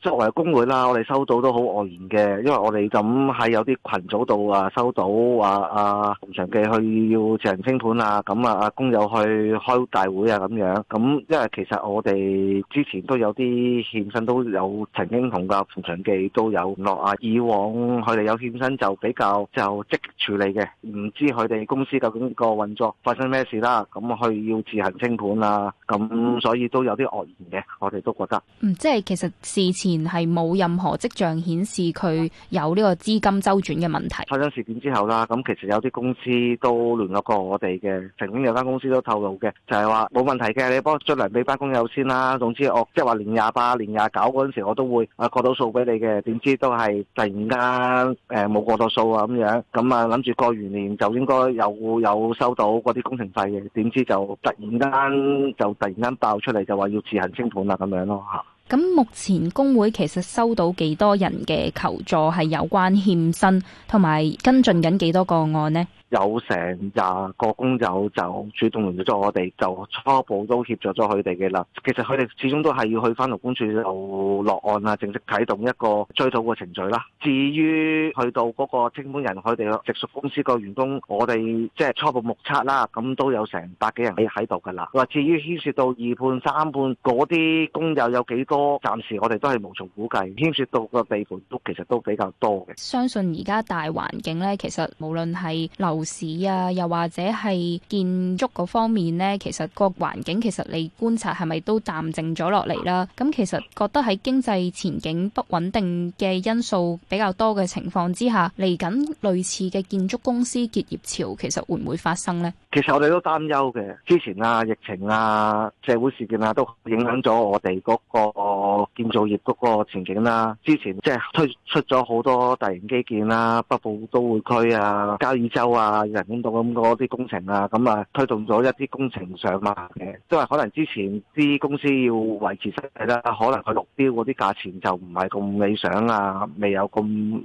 作為工會啦，我哋收到都好愕然嘅，因為我哋咁喺有啲群組度啊，收到話阿馮祥記去要自行清盤啊，咁啊阿工友去開大會啊咁樣，咁因為其實我哋之前都有啲欠薪，都有曾經同架馮祥記都有落啊。以往佢哋有欠薪就比較就積極處理嘅，唔知佢哋公司究竟個運作發生咩事啦，咁佢要自行清盤啊，咁所以都有啲愕然嘅，我哋都覺得。嗯，即係其實事前。然係冇任何跡象顯示佢有呢個資金周轉嘅問題。發生事件之後啦，咁其實有啲公司都聯絡過我哋嘅，曾經有間公司都透露嘅，就係話冇問題嘅，你幫我出糧俾班工友先啦。總之我即係話年廿八，年廿九嗰陣時我都會誒過到數俾你嘅，點知都係突然間誒冇，呃、過到數啊咁樣。咁啊諗住過完年就應該有有收到嗰啲工程費嘅，點知就突然間就突然間爆出嚟就話要自行清盤啦咁樣咯嚇。咁目前工會其實收到幾多人嘅求助係有關欠薪，同埋跟進緊幾多個案呢？有成廿個工友就主動聯絡咗我哋，就初步都協助咗佢哋嘅啦。其實佢哋始終都係要去翻勞工處就落案啊，正式啟動一個追討嘅程序啦。至於去到嗰個清盤人，佢哋直屬公司個員工，我哋即係初步目測啦，咁都有成百幾人喺喺度㗎啦。話至於牽涉到二判三判嗰啲工友有幾多，暫時我哋都係無從估計。牽涉到嘅地盤都其實都比較多嘅。相信而家大環境咧，其實無論係市啊，又或者係建築嗰方面咧，其實個環境其實你觀察係咪都淡靜咗落嚟啦？咁其實覺得喺經濟前景不穩定嘅因素比較多嘅情況之下，嚟緊類似嘅建築公司結業潮，其實會唔會發生咧？其實我哋都擔憂嘅。之前啊，疫情啊，社會事件啊，都影響咗我哋嗰個建造業嗰個前景啦、啊。之前即係推出咗好多大型基建啦、啊，北部都會區啊，交椅洲啊。啊，人工多咁多啲工程啊，咁啊推動咗一啲工程上嘛嘅，即係可能之前啲公司要維持生計啦，可能佢落標嗰啲價錢就唔係咁理想啊，未有咁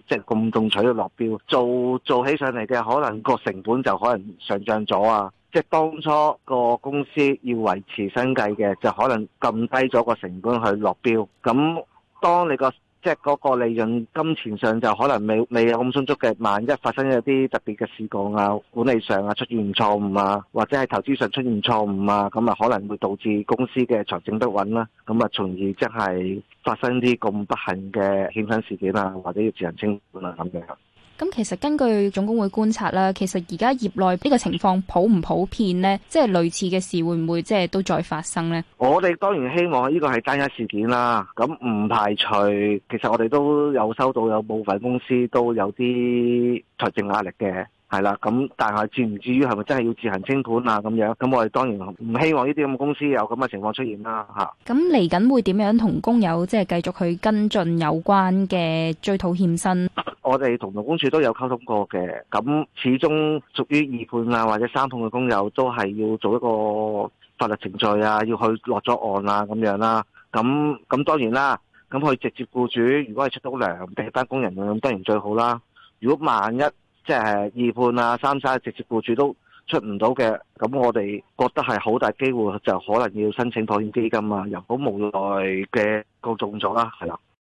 即係咁中取咗落標，做做起上嚟嘅可能個成本就可能上漲咗啊，即係當初個公司要維持生計嘅，就可能撳低咗個成本去落標，咁當你個。即係嗰個利潤、金錢上就可能未未有咁充足嘅，萬一發生一啲特別嘅事故啊、管理上啊出現錯誤啊，或者係投資上出現錯誤啊，咁啊可能會導致公司嘅財政不穩啦，咁啊從而即係發生啲咁不幸嘅欠薪事件啊，或者要自行清盤啊咁樣。咁其實根據總工會觀察啦，其實而家業內呢個情況普唔普遍呢？即係類似嘅事會唔會即係都再發生呢？我哋當然希望呢個係單一事件啦。咁唔排除，其實我哋都有收到有部分公司都有啲財政壓力嘅係啦。咁但係至唔至於係咪真係要自行清盤啊？咁樣咁我哋當然唔希望呢啲咁公司有咁嘅情況出現啦。吓咁嚟緊會點樣同工友即係繼續去跟進有關嘅追討欠薪？我哋同勞工處都有溝通過嘅，咁始終屬於二判啊或者三判嘅工友都係要做一個法律程序啊，要去落咗案啊咁樣啦。咁咁當然啦，咁佢直接僱主如果係出到糧俾班工人咁當然最好啦。如果萬一即係二判啊三晒，直接僱主都出唔到嘅，咁我哋覺得係好大機會就可能要申請保險基金啊，又好無奈嘅告中咗啦，係啦。